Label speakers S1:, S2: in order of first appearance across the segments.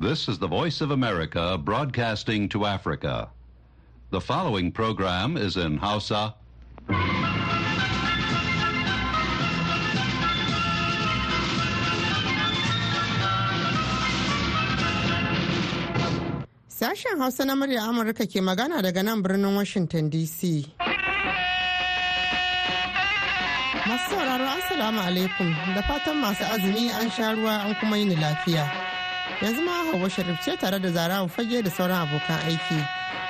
S1: This is the Voice of America broadcasting to Africa. The following program is in Hausa.
S2: Sashen Hausa na murya Amurka ke magana daga nan birnin Washington DC. Masu sauraro Assalamu alaikum da fatan masu azumi an sha ruwa an kuma yi lafiya. yanzu ma hawa sharif ce tare da mu fage da sauran abokan aiki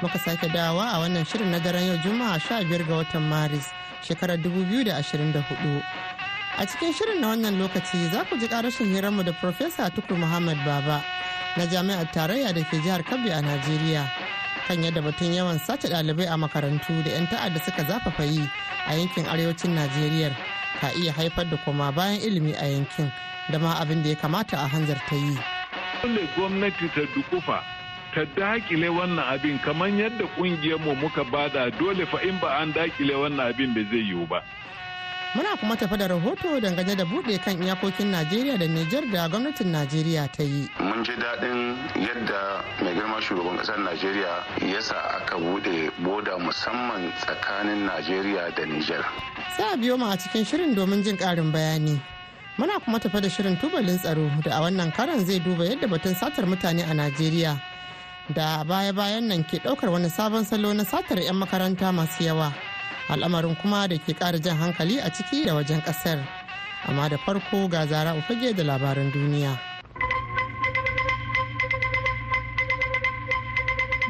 S2: muka sake dawowa a wannan shirin na daren yau juma'a biyar ga watan maris shekarar dubu biyu da da ashirin hudu. a cikin shirin na wannan lokaci za ku ji karashin hirarmu da Profesa tukur muhammad baba na jami'ar tarayya da ke jihar kabbi a najeriya kan yadda batun yawan sace ɗalibai a makarantu da 'yan ta'adda suka zafafa yi a yankin arewacin najeriya ka iya haifar da koma bayan ilimi a yankin da ma abin da ya kamata a ta yi.
S3: dole gwamnati ta dukufa ta dakile wannan abin kamar yadda mu muka bada dole fa in ba an dakile wannan abin bai zai yiwu ba.
S2: Muna kuma tafi da rahoto dangane da buɗe kan iyakokin Najeriya da Nijar da gwamnatin Najeriya ta yi.
S4: Mun ji daɗin yadda mai girma shugaban ƙasar Najeriya ya sa aka buɗe boda musamman tsakanin Najeriya da Nijar.
S2: Sai a biyo mu a cikin shirin domin jin ƙarin bayani. muna kuma tafi da shirin tubalin tsaro da a wannan karan zai duba yadda batun satar mutane a najeriya da baya-bayan nan ke daukar wani sabon salo na satar 'yan makaranta masu yawa al'amarin kuma da ke kara jan hankali a ciki da wajen kasar amma da farko ga zara ufage da labaran duniya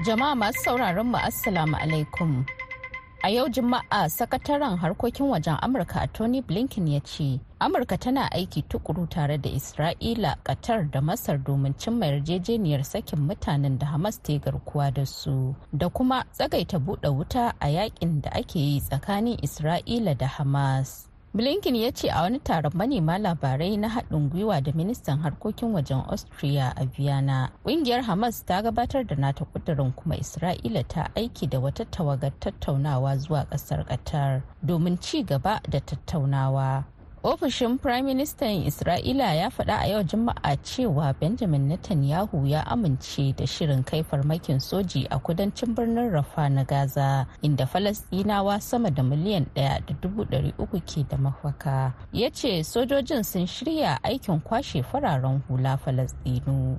S5: jama'a masu sauraron mu assalamu alaikum A yau Juma'a sakataren harkokin wajen Amurka a Tony Blinken ya ce, Amurka tana aiki tukuru tare da Isra'ila, Qatar da Masar domin cimma yarjejeniyar sakin mutanen da Hamas ta garkuwa da su, da kuma tsagaita buɗe wuta a yakin da ake yi tsakanin Isra'ila da Hamas. blinken ya ce a wani taron manema labarai na haɗin gwiwa da ministan harkokin wajen austria a vienna ƙungiyar hamas ta gabatar da nata ƙudurin kuma isra'ila ta aiki da wata tawagar tattaunawa zuwa ƙasar ƙatar domin ci gaba da tattaunawa ofishin firaministan isra'ila ya faɗa a yau juma'a cewa benjamin netanyahu ya amince da shirin kai farmakin soji a kudancin birnin rafa na gaza inda falasɗinawa sama da miliyan ɗaya da dubu ɗari uku ke da mafaka ya ce sojojin sun shirya aikin kwashe fararen hula falasɗinu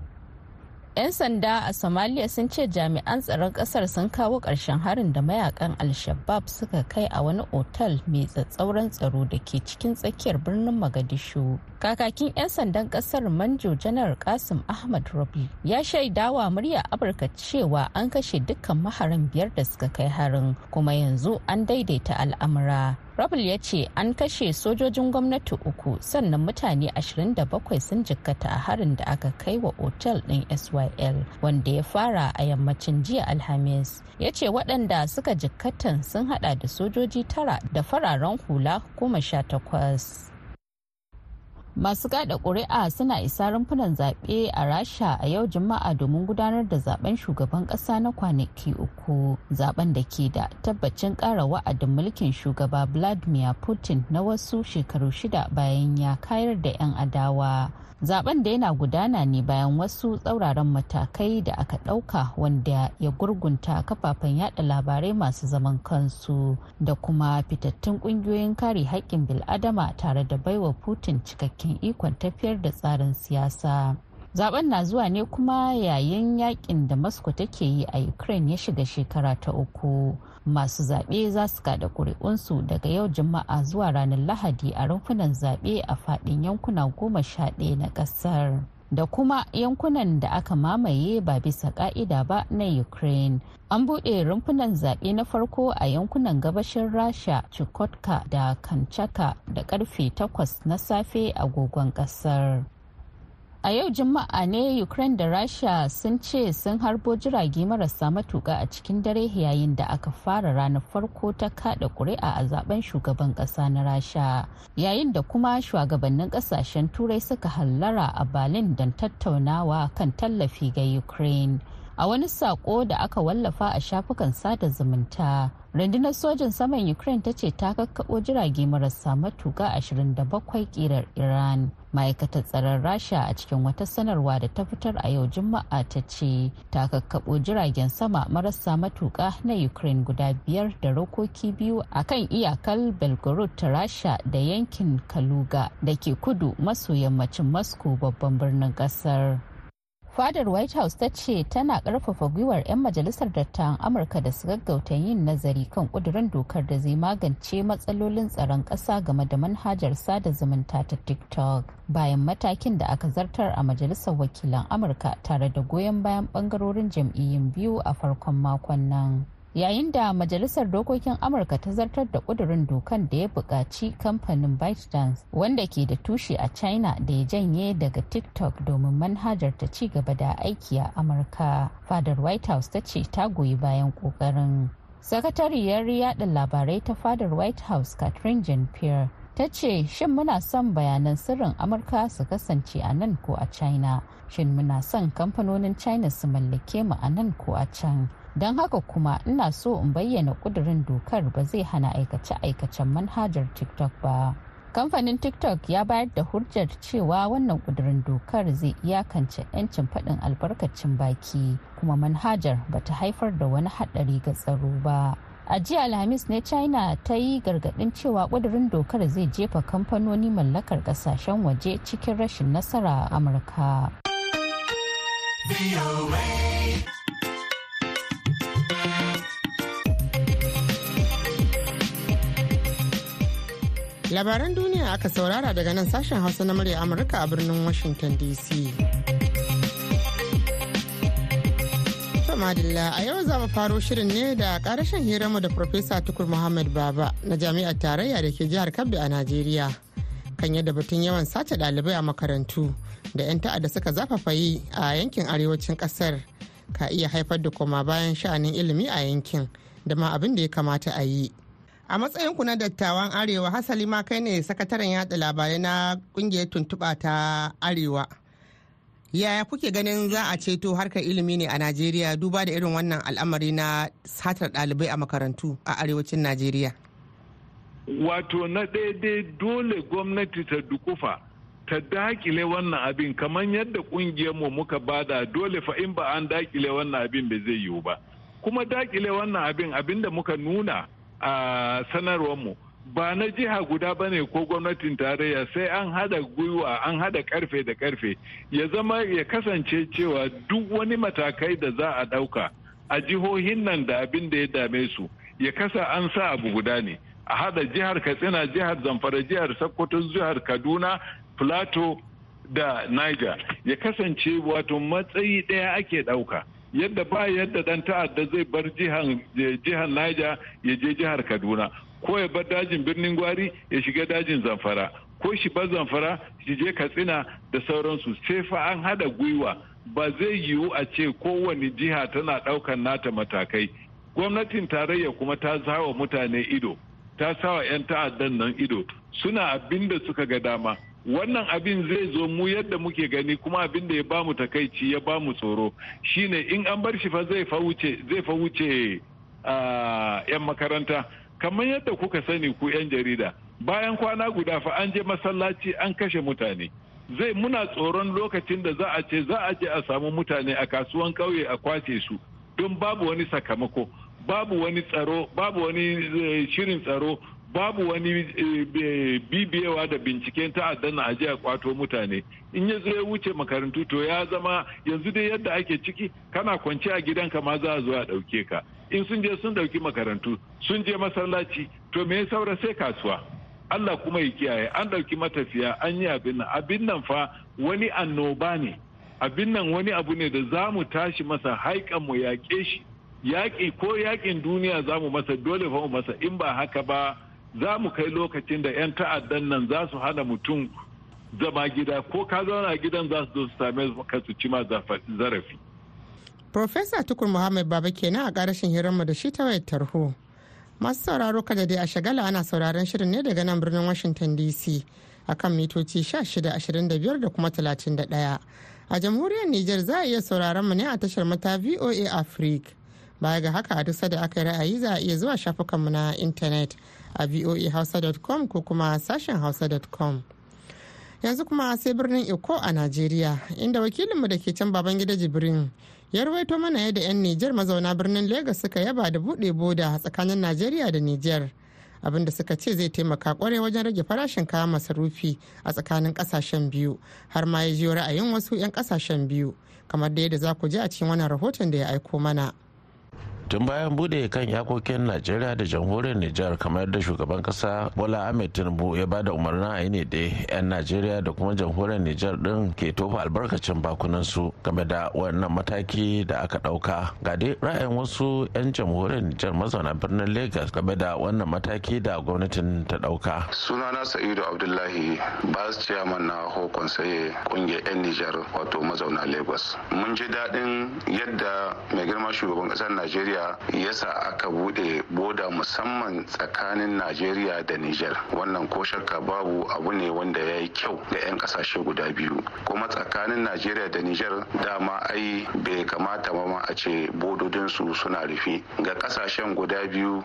S5: 'yan sanda a somalia sun ce jami'an tsaron kasar sun kawo ƙarshen harin da mayakan alshabab suka kai a wani otal mai tsatsauran tsaro da ke cikin tsakiyar birnin magadishu kakakin 'yan sandan kasar manjo janar kasim ahmad rabi ya shaidawa murya amurka cewa an kashe dukkan maharan biyar da suka kai harin kuma yanzu an daidaita al'amura rabul ya ce an kashe sojojin gwamnati uku sannan mutane 27 sun jikkata a harin da aka kai wa otel ɗin syl wanda ya fara a yammacin jiya alhamis ya ce waɗanda suka jikkatan sun hada da sojoji tara da fararen hula goma sha masu gada ƙuri'a suna isa rumfunan zaɓe a rasha a yau juma'a domin gudanar da zaben shugaban ƙasa na kwanaki uku zaben da ke da tabbacin ƙara wa'adin mulkin shugaba vladimir putin na wasu shekaru shida bayan ya kayar da 'yan adawa zaben da yana gudana ne bayan wasu tsauraran matakai da aka ɗauka wanda ya gurgunta kafafen yada labarai masu zaman kansu da kuma fitattun ƙungiyoyin kare haƙƙin bil'adama tare da baiwa putin cikakken cikakken ikon tafiyar da tsarin siyasa zaben na zuwa ne kuma yayin yakin da moscow take yi a ukraine ya shiga shekara ta uku masu zaɓe za su kada ƙuri'unsu daga yau juma'a zuwa ranar lahadi a rumfunan zaɓe a faɗin yankuna goma sha ɗaya na ƙasar da kuma yankunan da aka mamaye ba bisa ka'ida ba na ukraine an buɗe rumfunan zaɓe na farko a yankunan gabashin rasha chukotka da kanchaka da karfe 8 na safe agogon ƙasar a yau juma'a ne ukraine da rasha sun ce sun harbo jirage marasa matuka a cikin dare yayin da aka fara ranar farko ta kada kuri'a a zaben shugaban kasa na rasha yayin da kuma shugabannin kasashen turai suka hallara a berlin don tattaunawa kan tallafi ga ukraine a wani sako da aka wallafa a shafukan sada zumunta rundunar sojin saman ukraine ta ce ta kakkaɓo jirage marasa matuka 27 kirar iran ma'aikatar tsaron rasha a cikin wata sanarwa da ta fitar a yau juma'a ta ce ta kakkaɓo jiragen sama marasa matuka na ukraine guda biyar da rokoki biyu a kan iyakar belgorod ta rasha da yankin kaluga da ke kudu maso yammacin moscow babban birnin kasar. fadar white house ta ce tana karfafa gwiwar 'yan majalisar dattawan amurka da su gaggauta yin nazari kan kudurin dokar da zai magance matsalolin tsaron ƙasa game da manhajar sada zumunta ta tiktok bayan matakin da aka zartar a majalisar wakilan amurka tare da goyon bayan bangarorin jam'iyyun biyu a farkon makon nan yayin da majalisar dokokin amurka ta zartar da kudurin dokan da ya buƙaci kamfanin ByteDance wanda ke da tushe a china da ya janye daga tiktok domin manhajar ta ci gaba da aiki a amurka fadar white house ta ce ta goyi bayan kokarin sakatariyar yada labarai ta fadar white house catherine jean pierre ta ce shin muna son bayanan sirrin amurka su kasance a nan ko a china shin muna son kamfanonin china su mallake mu a nan ko a can don haka kuma ina so in bayyana kudurin dokar ba zai hana aikace-aikacen manhajar tiktok ba kamfanin tiktok ya bayar da hujjar cewa wannan kudurin dokar zai iyakance 'yancin faɗin albarkacin baki kuma manhajar ba ta haifar da wani haɗari ga tsaro ba a jiya alhamis ne china ta yi gargadin cewa kudurin dokar zai jefa kamfanoni mallakar kasashen waje cikin rashin nasara a amurka
S2: labaran duniya aka saurara daga nan sashen hausa na murya amurka a birnin washington dc To a yau za mu faro shirin ne da karashin mu da Profesa Tukur Muhammad Baba na Jami'ar Tarayya da ke jihar Kabbi a Najeriya. Kan yadda batun yawan sace dalibai a makarantu da 'yan ta'adda suka zafafa yi a yankin arewacin kasar ka iya haifar da koma bayan sha'anin ilimi a yankin da ma abin da ya kamata a yi. A matsayin ku na dattawan Arewa Hasali ma kai ne sakataren yada labarai na kungiyar tuntuɓa ta Arewa. yaya kuke ganin za a ceto harkar ilimi ne a najeriya duba da irin wannan al'amari na satar ɗalibai a makarantu a arewacin najeriya
S3: wato na daidai dole gwamnati ta dukufa ta dakile wannan abin kamar yadda mu muka bada dole fa in ba an dakile wannan abin da zai yiwu ba kuma dakile wannan abin abin da muka nuna a sanarwar mu ba na jiha guda ba ne ko gwamnatin tarayya sai an hada gwiwa an hada karfe da karfe ya zama ya kasance cewa duk wani matakai da za a dauka a jihohin nan da abin da ya dame su ya kasa an sa abu guda ne a hada jihar katsina jihar zamfara jihar sokoto jihar kaduna plateau da niger ya kasance wato matsayi ɗaya ake ɗauka yadda ba yadda dan ta'adda zai bar jihar niger ya je jihar kaduna ko ya bar dajin birnin gwari ya shiga dajin zamfara ko shi bar zamfara shi je katsina da sauransu sai fa an hada gwiwa ba zai yiwu a ce kowane jiha tana daukan nata matakai gwamnatin tarayya kuma ta sawa mutane ido ta sawa 'yan ta'addan nan ido suna abin da suka ga dama wannan abin zai zo mu yadda muke gani kuma abin da ya ba mu takaici ya ba mu tsoro shine in an bar shi fa zai fa wuce zai fa wuce 'yan ah, makaranta kamar yadda kuka sani ku 'yan jarida bayan kwana guda fa an je masallaci an kashe mutane zai muna tsoron lokacin da za a ce za a je a samu mutane a kasuwan ƙauye a kwace su don babu wani sakamako babu wani tsaro babu wani eh, shirin tsaro babu wani eh, bibiyewa da binciken ta'addan na a kwato mutane in ya zo ya wuce makarantu to ya zama yanzu dai yadda ake ciki kana kwance a gidanka ma za a zo a ɗauke ka in sun je sun dauki makarantu sun je masallaci to me saura sai kasuwa Allah kuma ya kiyaye an dauki matafiya an yi abin nan abin nan fa wani annoba ne abin nan wani abu ne da za mu tashi masa haikan mu yaƙe shi yaƙi ko yaƙin duniya za mu masa dole fa mu masa in ba haka ba za mu kai lokacin da 'yan ta'addan nan za su hana mutum zama gida ko ka zauna gidan za su zo su same ka su ci ma zarafi.
S2: Profesa Tukur Muhammad Baba kenan a ƙarashin hiranmu da shi ta wayar tarho. Masu sauraro kada dai a shagala ana sauraron shirin ne daga nan birnin Washington DC a kan mitoci 1625 da kuma 31. A jamhuriyar Nijar za a iya sauraron mu ne a tashar mata VOA Africa. Baya ga haka a duk sada aka yi ra'ayi za a iya zuwa shafukanmu na intanet a voahausa.com ko kuma sashen hausa.com. Yanzu kuma sai birnin Eko a Najeriya inda wakilinmu da ke can Babangida Jibrin ya ruwaito mana yadda 'yan nijar mazauna birnin lagos suka yaba da buɗe boda tsakanin najeriya da nijar abinda suka ce zai taimaka kwarai wajen rage farashin kayan masarufi a tsakanin kasashen biyu har ma ya jiyo ra'ayin wasu 'yan kasashen biyu kamar da yadda za ku ji a cikin wannan rahoton da ya aiko mana
S4: tun bayan bude kan yakokin najeriya da jamhuriyar nijar kamar da shugaban kasa bola ahmed tinubu ya ba da umarnin a ne da yan najeriya da kuma jamhuriyar nijar din ke tofa albarkacin bakunan su game da wannan mataki da aka dauka ga dai ra'ayin wasu yan jamhuriyar nijar mazauna birnin lagos game da wannan mataki da gwamnatin ta dauka sunana sa'idu abdullahi bas chairman na hokon saye kungiyar yan nijar wato mazauna lagos mun ji daɗin yadda mai girma shugaban ƙasar najeriya da yasa aka bude boda musamman tsakanin najeriya da niger wannan ko shakka babu abu ne wanda ya yi kyau ga 'yan kasashe guda biyu kuma tsakanin najeriya da niger dama ai bai kamata ma a ce bododinsu suna rufe ga kasashen guda biyu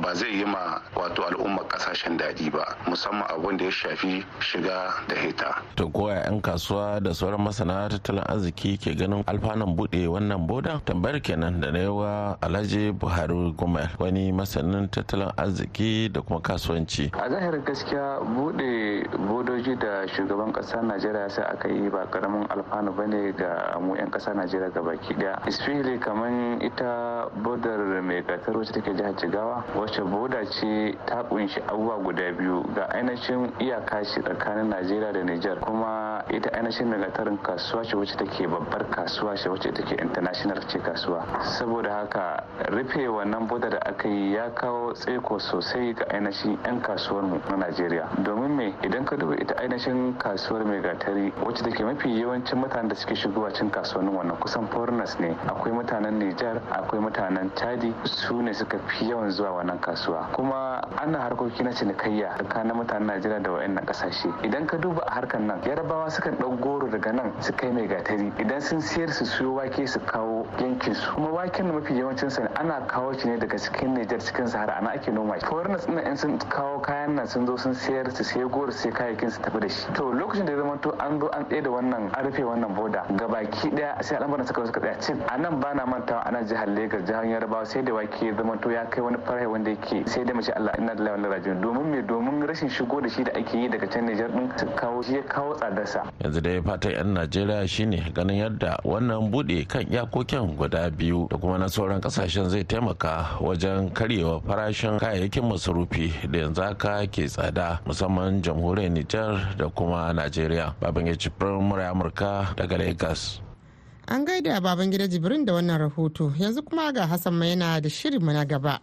S4: ba zai yi ma wato al'ummar kasashen daɗi ba musamman abin da ya
S6: shafi shiga da hita
S4: to koya 'yan kasuwa da sauran masana tattalin arziki ke ganin alfanan buɗe wannan boda tambayar kenan da na yawa alhaji buhari gumel wani masanin tattalin arziki da kuma kasuwanci
S6: a zahirin gaskiya bude bodoji da shugaban kasar najeriya sai aka yi ba karamin alfanu ba ne ga mu 'yan kasa najeriya ga baki daya isfili kamar ita bodar mai gatar wacce take jihar jigawa wacce boda ce ta kunshi abubuwa guda biyu ga ainihin iyaka shi tsakanin najeriya da niger kuma ita ainihin mai gatarin kasuwa ce wacce take babbar kasuwa ce wacce take international ce kasuwa saboda haka rufe wannan boda da aka yi ya kawo tsaiko sosai ga ainihin 'yan kasuwar mu na najeriya domin me idan idan ka duba ita ainihin kasuwar mai gatari wacce take mafi yawancin mutanen da suke shigowa cin kasuwannin wannan kusan foreigners ne akwai mutanen nijar akwai mutanen chadi su ne suka fi yawan zuwa wannan kasuwa kuma ana harkoki na cinikayya tsakanin mutanen najeriya da wayannan kasashe idan ka duba a harkar nan yarabawa sukan ɗau goro daga nan su kai mai gatari idan sun siyar su siyo wake su kawo yankin su kuma waken mafi yawancin sa ana kawo shi ne daga cikin Niger cikin Sahara ana ake noma shi foreigners din in sun kawo kayan nan sun zo sun sayar su sai goro sai kayayyakin su tafi da shi to lokacin da ya zama to an zo an tsaye da wannan an rufe wannan boda gabaki daya sai al'amuran suka suka tsaya cin a nan bana mantawa ana jihar Lagos jihar Yarbawa sai da wake ya zama to ya kai wani farai wanda yake sai da mace Allah inna lillahi wa inna domin me domin rashin shigo da shi da ake yi daga can Niger din su kawo shi ya kawo tsadarsa
S4: yanzu dai fatan yan Najeriya shine ganin yadda wannan bude kan iyakokin kasashen guda biyu da kuma na sauran kasashen zai taimaka wajen karyewa farashin kayayyakin masarufi da yanzu haka ke tsada musamman jamhuriyar nijar da kuma najeriya baban ya ci amurka daga lagos
S2: an gaida baban gida jibrin da wannan rahoto yanzu kuma ga hassan mai yana da shirin na gaba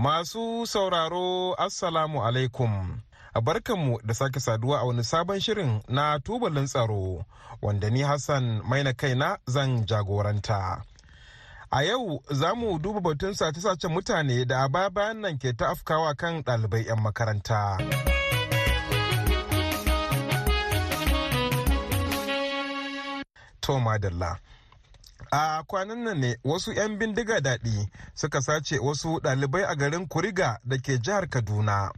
S7: Masu sauraro Assalamu alaikum. Barkanmu da sake saduwa a wani sabon shirin na tubalin tsaro wanda ni Hassan mai na kaina zan jagoranta. A yau za mu duba batun sace sace mutane da a baya bayan nan ke ta afkawa kan ɗalibai 'yan makaranta. Toma Dalla. a kwanan nan ne wasu 'yan bindiga daɗi suka sace wasu ɗalibai a garin kuriga da ke jihar kaduna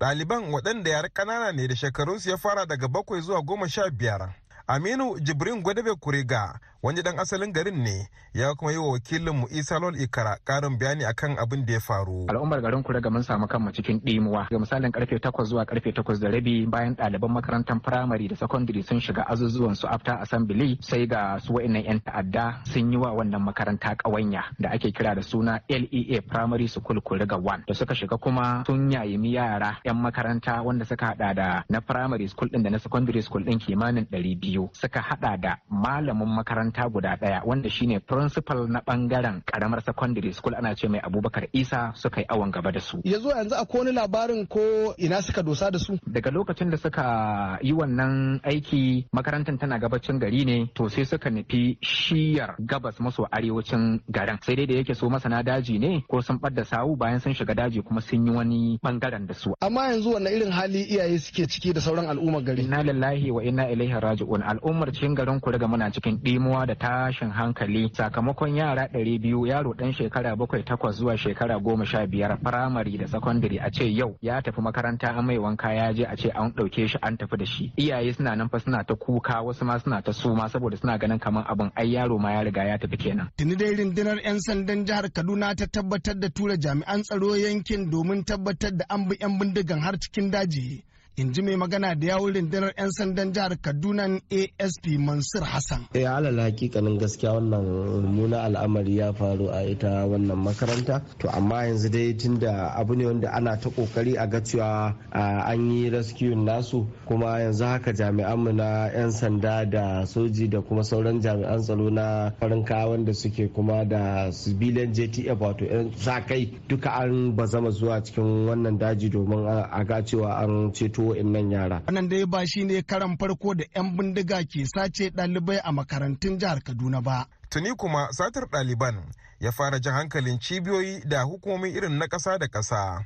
S7: ɗaliban waɗanda yar ƙanana ne da shekarunsu ya fara daga bakwai zuwa goma sha biyar aminu jibrin gwadabe kuriga wani dan asalin garin ne ya kuma yi wa wakilin mu isa lol ikara karin bayani akan abin da ya faru
S8: al'ummar garin ga mun samu kanmu cikin ɗimuwa ga misalin karfe 8 zuwa karfe 8 da rabi bayan ɗaliban makarantar firamare da sakandare sun shiga azuzuwan su after assembly sai ga su wa'annan yan ta'adda sun yi wa wannan makaranta ƙawanya da ake kira da suna LEA Primary School Kuriga 1 da suka shiga kuma sun yayimi yara yan makaranta wanda suka hada da na primary school din da na secondary school din kimanin 200 suka hada da malamin makaranta makaranta guda ɗaya wanda shine principal na bangaren karamar secondary school ana ce mai abubakar isa suka yi awon gaba da su
S7: yanzu yanzu a wani labarin ko
S8: ina suka dosa da su daga lokacin da suka yi wannan aiki makarantar tana gabacin gari ne to sai suka nufi shiyar gabas maso arewacin garin sai dai da yake so masana daji ne ko sun ɓadda sawu bayan sun shiga daji kuma sun yi wani bangaren da su amma yanzu wannan irin hali iyaye suke ciki da sauran al'ummar gari inna lillahi wa inna ilaihi raji'un al'ummar cikin garin ku daga muna cikin ɗimuwa damuwa da tashin hankali sakamakon yara ɗari biyu yaro ɗan shekara bakwai takwas zuwa shekara goma sha biyar firamare da sakandare a ce yau ya tafi makaranta an mai wanka ya je a ce an ɗauke shi an tafi da shi iyaye suna nan fa suna ta kuka wasu ma suna ta suma saboda suna ganin kamar abin ai yaro ma ya riga ya tafi kenan.
S7: Tuni dai rundunar 'yan sandan jihar Kaduna ta tabbatar da tura jami'an tsaro yankin domin tabbatar da an bi 'yan bindigan har cikin daji in ji mai magana da yawun rundunar 'yan sandan jihar kaduna asp mansur hassan
S9: ya eh, alala hakikanin gaskiya wannan muna al'amari ya faru a ita wannan makaranta to amma yanzu dai tun da abu ne wanda ana ta kokari a ga cewa an yi rescue nasu kuma yanzu haka jami'an mu na 'yan sanda da soji da kuma sauran jami'an tsaro na farin wanda suke kuma da civilian jtf wato 'yan sa kai duka an bazama zuwa cikin wannan daji domin a ga
S7: cewa an ceto ceto innan yara. Wannan dai ba shi ne karan farko da 'yan bindiga ke sace ɗalibai a makarantun jihar Kaduna ba. Tuni kuma satar ɗaliban ya fara jan hankalin cibiyoyi da hukumomi irin na ƙasa da ƙasa.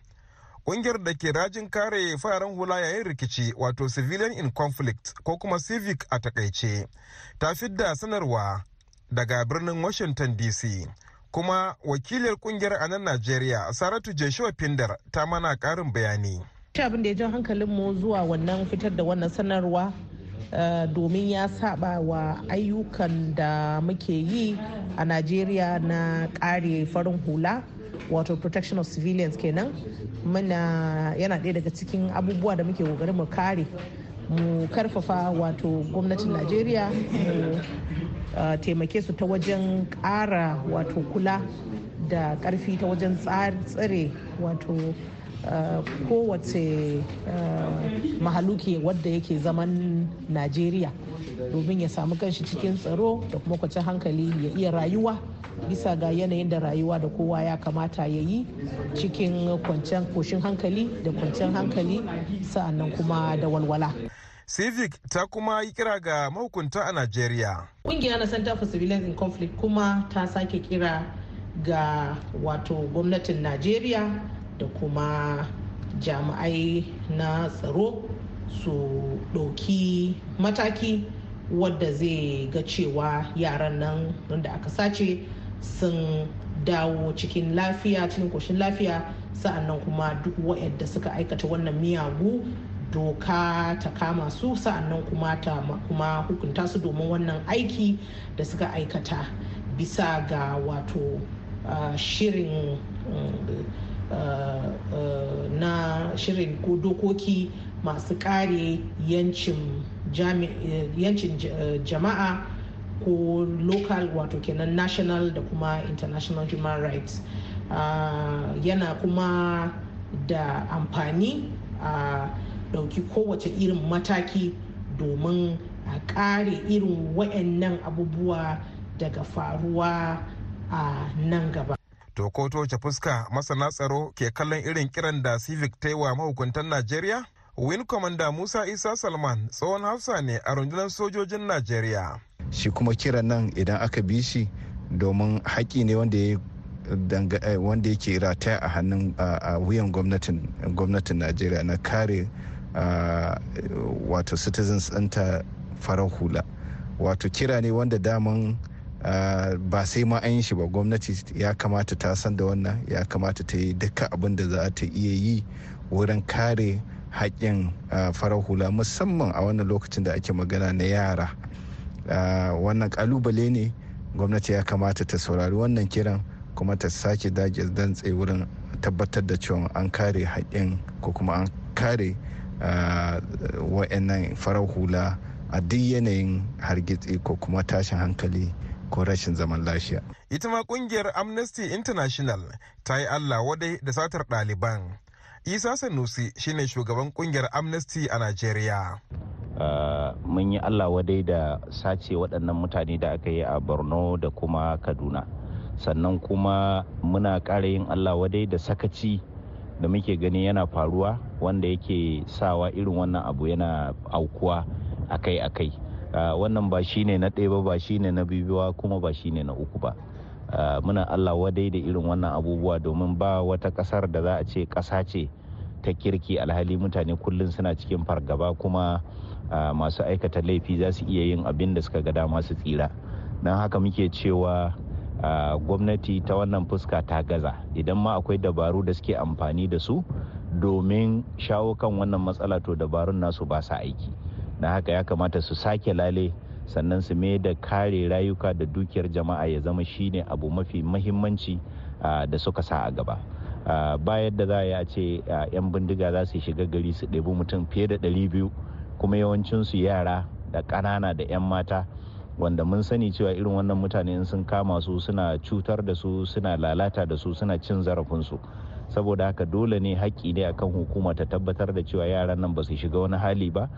S7: Ƙungiyar da ke rajin kare fararen hula yayin rikici wato civilian in conflict ko kuma civic a takaice ta fidda sanarwa daga birnin Washington DC. Kuma wakiliyar ƙungiyar a nan Najeriya Saratu Joshua Pindar ta mana ƙarin bayani. ta
S1: abin da ya hankalin hankalinmu zuwa wannan fitar da wannan sanarwa eh, domin ya saba wa ayyukan da muke yi a najeriya na kare farin hula wato protection of civilians kenan muna yana ɗaya daga cikin abubuwa da muke kokarin mu kare mu karfafa wato gwamnatin najeriya mu eh, taimake su ta wajen ƙara wato kula da ƙarfi ta wajen tsare wato Eh, kowace eh, mahaluki wadda yake zaman najeriya domin ya samu kanshi cikin tsaro da kuma kwacin hankali ya iya rayuwa bisa ga yanayin da rayuwa da kowa ya kamata ya yi cikin kwancen koshin hankali da kwancen hankali sa'annan kuma da walwala
S7: civic ta kuma yi kira ga mahukunta a najeriya
S1: ƙungiya na center for civilian conflict kuma ta sake kira ga wato gwamnatin najeriya da kuma jami'ai na tsaro su ɗauki mataki wadda zai ga cewa yaran nan da aka sace sun dawo cikin lafiya cikin koshin lafiya sa'annan kuma duk waɗanda suka aikata wannan miyagu doka ta kama su sa'annan kuma ta kuma hukunta su domin wannan aiki da suka aikata bisa ga wato uh, shirin mm, Eh, eh, na shirin ko dokoki masu kare yancin eh, jama'a ko local wato kenan national da kuma international human rights ah, yana kuma da amfani a ɗauki kowace irin mataki domin a kare irin waɗannan abubuwa daga faruwa a nan gaba
S7: To ko ta wace fuska masana tsaro ke kallon irin kiran da Civic ta yi mahukuntan Najeriya? Win Commander Musa Isa Salman tsohon hafsa ne a rundunar sojojin Najeriya.
S9: Shi kuma kiran nan idan aka bi shi domin haƙi ne wanda ya eh, wanda yake rataya a hannun a wuyan gwamnatin najeriya na kare wato citizens ɗinta farar hula wato kira ne wanda daman Ah, ba sai ma an shi ba gwamnati ya kamata ta san da wannan ya kamata ta yi duka abin da za ta iya yi wurin kare haƙƙin ah, farar hula musamman a wannan lokacin da ake magana na yara ah, wannan kalubale ne gwamnati ya kamata ta saurari wannan kiran kuma ta sake dage dantse wurin tabbatar da cewa an kare haƙƙin ko kuma an kare wa'annan farar hula a duk yanayin hargitsi ko kuma tashin hankali ko rashin zaman lafiya.
S7: Ita ma kungiyar Amnesty International ta yi Allah wadai da satar ɗaliban. Isa Sanusi shine shugaban kungiyar Amnesty a Najeriya.
S9: Uh, mun yi Allah wadai da sace waɗannan mutane da aka yi a Borno da kuma Kaduna. Sannan kuma muna ƙara yin Allah wadai da sakaci da muke gani yana faruwa wanda yake sawa irin wannan abu yana aukuwa akai-akai. Ah, wannan ba shi ne na ɗaya ba ba ne na bibiwa kuma ba shi ne na uku ba ah, muna allah wadai da irin wannan abubuwa domin ba wata ƙasar da za a ce ƙasa ce ta kirki alhali mutane kullum suna cikin fargaba kuma ah, masu aikata laifi za su iya yin abin da suka ga dama su tsira don haka muke cewa gwamnati ta wannan fuska ta gaza idan ma akwai dabaru da suke amfani da su domin shawo kan wannan matsala to dabarun nasu ba sa aiki na haka ya kamata su sake lale sannan su mai da kare rayuka da dukiyar jama'a ya zama shine abu mafi mahimmanci da suka sa a gaba bayan da za a yi a ce 'yan bindiga za su shiga gari su ɗebi mutum fiye da 200 kuma yawancinsu yara da ƙanana da 'yan mata wanda mun sani cewa irin wannan mutane in sun kama su suna cutar da su suna lalata da su suna cin zarafinsu saboda haka dole ne haƙƙi ne akan hukuma ta tabbatar da cewa yaran nan ba su shiga wani hali ba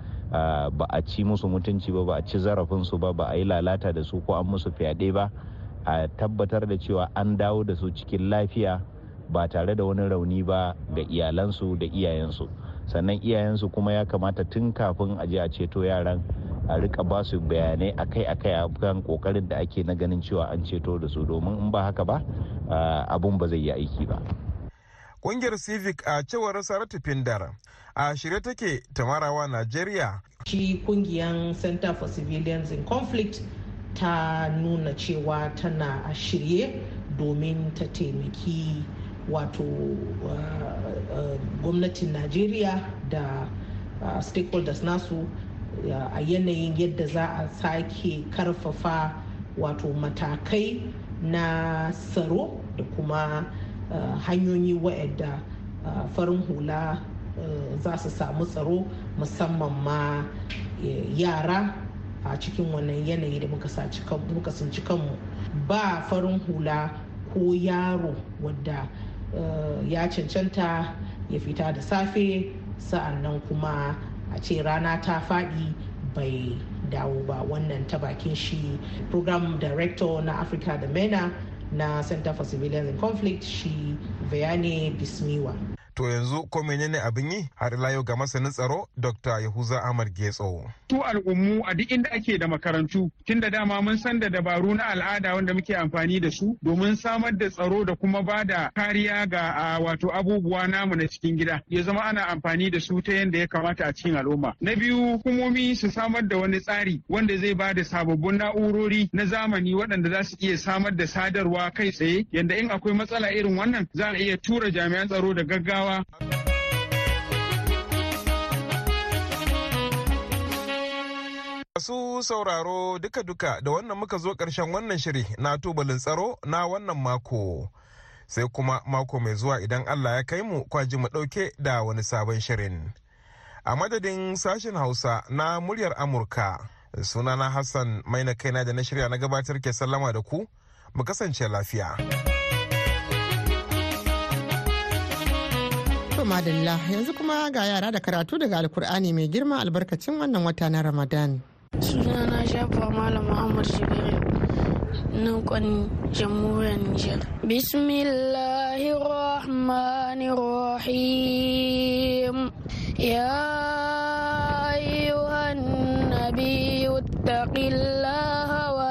S9: ba a ci musu mutunci ba ba a ci zarafin su ba ba a yi lalata da su ko an musu fyaɗe ba a tabbatar da cewa an dawo da su cikin lafiya ba tare da wani rauni ba ga iyalansu da iyayensu sannan iyayensu kuma ya kamata tun kafin a je a ceto yaran a rika ba su bayanai akai-akai a kan kokarin da ake na ganin cewa an ceto da su domin in ba haka ba abun ba zai yi aiki ba
S7: kungiyar Civic a cewar Saratu Pindar a shirye take tamarawa Najeriya.
S1: Shi ƙungiyar Center for Civilians in Conflict ta nuna cewa tana a shirye domin ta taimaki wato uh, uh, gwamnatin nigeria da uh, stakeholders nasu a yanayin yadda za a sake karfafa wato matakai na tsaro da kuma Eh, hanyoyi waɗanda eh, farin hula eh, za su samu tsaro musamman ma yara a cikin wannan yanayi da muka sunci kanmu ba farin hula ko yaro wadda ya cancanta ya fita da safe sa'annan kuma a ce rana ta faɗi bai dawo ba wannan ta bakin shi program director na africa da mena na center for civilians in conflict shi bayane bismiwa
S7: To yanzu ko menene abin yi har ila ga masanin tsaro Dr. Yahuza Ahmad Getso. Su al'ummu a duk inda ake da makarantu tun da dama mun san da dabaru na al'ada wanda muke amfani da su domin samar da tsaro da kuma ba da kariya ga wato abubuwa namu na cikin gida ya zama ana amfani da su ta yadda ya kamata a cikin al'umma. Na biyu hukumomi su samar da wani tsari wanda zai ba da sababbin na'urori na zamani waɗanda za su iya samar da sadarwa kai tsaye yadda in akwai matsala irin wannan za a iya tura jami'an tsaro da gaggawa Adamawa. Masu sauraro duka-duka da wannan muka zo ƙarshen wannan shiri na tubalin tsaro na wannan mako. Sai kuma mako mai zuwa idan Allah ya kai mu kwaji mu ɗauke da wani sabon shirin. A madadin sashen Hausa na muryar Amurka, sunana Hassan maina kaina da na shirya na gabatar ke sallama da ku, mu kasance lafiya.
S2: madalla yanzu kuma ga yara da karatu daga alkur'ani mai girma albarkacin wannan wata na ramadan
S10: suna na shafa malam muhammad jibirin nan kwan jamhuriyar nijar bismillahirrahmanirrahim ya ayyuhan nabi wa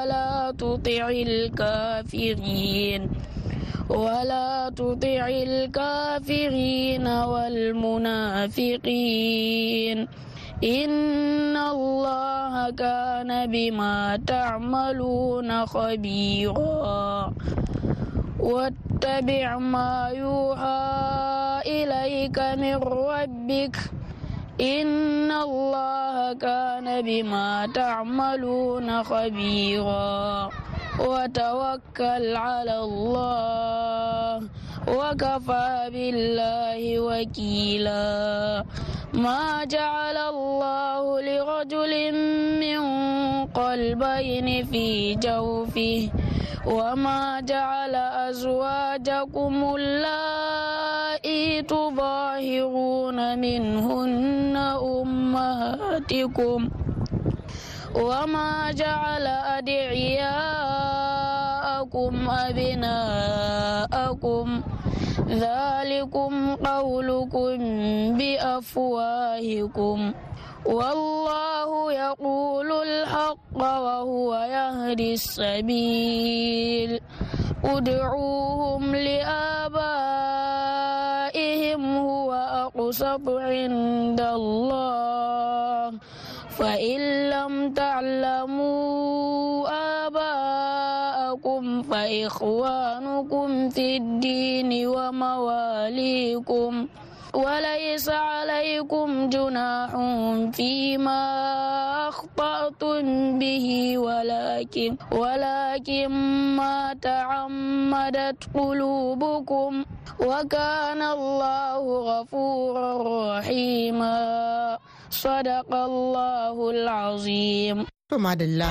S10: la tuti'il kafirin ولا تطع الكافرين والمنافقين إن الله كان بما تعملون خبيرا واتبع ما يوحى إليك من ربك إن الله كان بما تعملون خبيرا وتوكل على الله وكفى بالله وكيلا ما جعل الله لرجل من قلبين في جوفه وما جعل أزواجكم اللائي تظاهرون منهن أمهاتكم وما جعل أدعياءكم أبناءكم ذلكم قولكم بأفواهكم والله يقول الحق وهو يهدي السبيل ادعوهم لآبائهم هو أقسط عند الله فإن لم تعلموا آباءكم فإخوانكم في الدين ومواليكم وليس عليكم جناح فيما أخطأتم به ولكن ولكن ما تعمدت قلوبكم وكان الله غفورا رحيما Sadaqallahul azim.
S2: To madalla.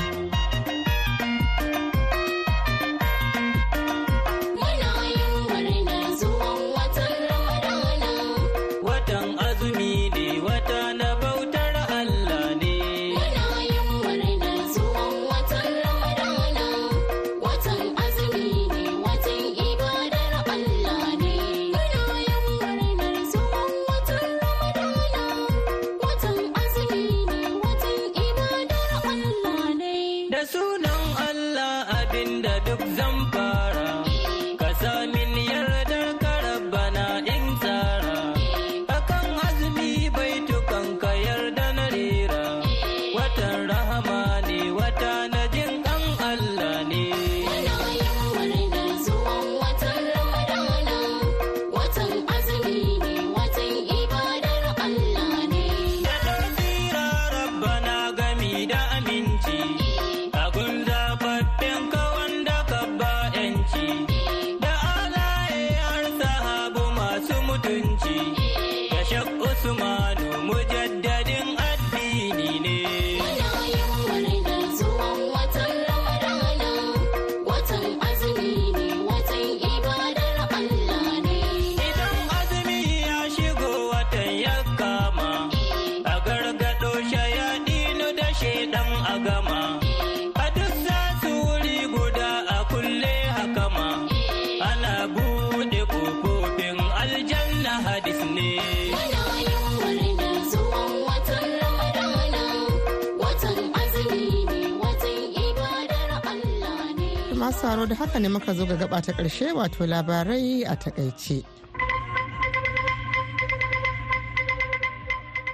S2: masu saro da haka ne muka zo ga gaba ta ƙarshe wato labarai
S5: a takaice.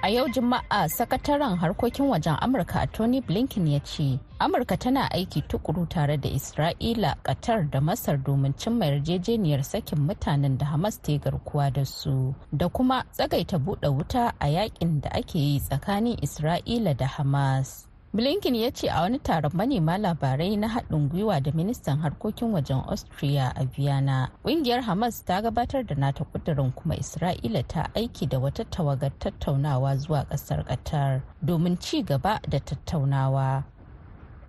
S5: A yau Juma'a sakataren harkokin wajen Amurka Tony Blinken ya ce, Amurka tana aiki tukuru tare da Isra'ila, Qatar da Masar domin cimma yarjejeniyar sakin mutanen da Hamas ta garkuwa da su, da kuma tsagaita buɗe wuta a yakin da ake yi tsakanin Isra'ila da Hamas. blinken ya ce a wani taron manema labarai na haɗin gwiwa da ministan harkokin wajen austria a vienna ƙungiyar hamas ta gabatar da nata ƙudurin kuma isra'ila ta aiki da wata tawagar tattaunawa zuwa ƙasar ƙatar domin ci gaba da tattaunawa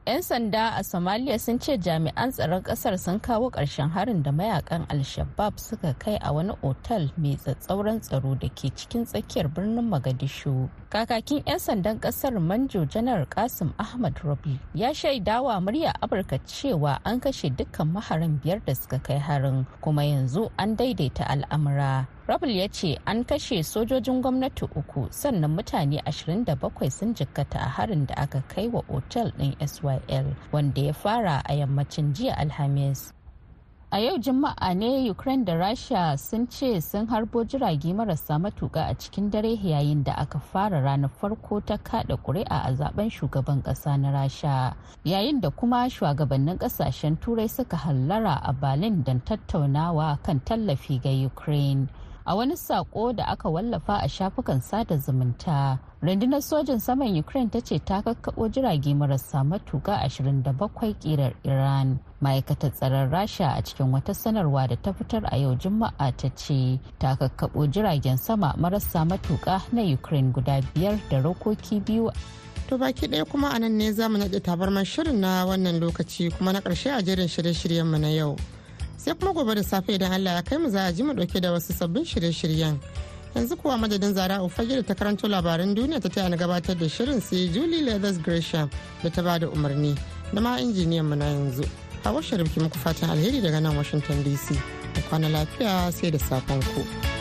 S5: 'yan sanda a somalia sun ce jami'an tsaron kasar sun kawo ƙarshen harin da mayakan al-shabab suka kai a wani otal mai tsatsauran tsaro da ke cikin tsakiyar birnin magadishu kakakin 'yan sandan kasar manjo janar kasim ahmad rabi ya shaidawa murya amurka cewa an kashe dukkan maharan biyar da suka kai harin kuma yanzu an daidaita al'amura rabul ya ce an kashe sojojin gwamnati uku sannan mutane 27 sun jikkata a harin da aka kai wa otel ɗin syl wanda ya fara a yammacin jiya alhamis a yau juma'a ne ukraine da russia sun ce sun harbo jirage marasa matuka a cikin dare yayin da aka fara ranar farko ta kada kuri'a a zaben shugaban kasa na rasha yayin da kuma shugabannin kasashen turai suka hallara a berlin don tattaunawa kan tallafi ga ukraine a wani sako da aka wallafa a shafukan sada zumunta rundunar sojin saman ukraine ta ce ta kakkabo jirage marasa matuka 27 ƙirar iran ma'aikatar tsaron rasha a cikin wata sanarwa da ta fitar a yau juma'a ta ce ta kakkabo jiragen sama marasa matuka na ukraine guda biyar da rokoki biyu To baki ɗaya kuma a nan ne zamu mu naɗe tabarmar shirin na
S2: wannan lokaci kuma na ƙarshe a jerin shirye-shiryenmu na yau. sai kuma gobe da safe idan Allah ya kai mu za a ji mu dauke da wasu sabbin shirye-shiryen yanzu kuwa madadin zara ufage da ta karanto labaran duniya ta tayar gabatar da shirin sai julie leathers gresham da ta bada umarni da ma injiniyan mu na yanzu hawa sharif ki muku fatan alheri daga nan washington dc da kwana lafiya sai da safen ku.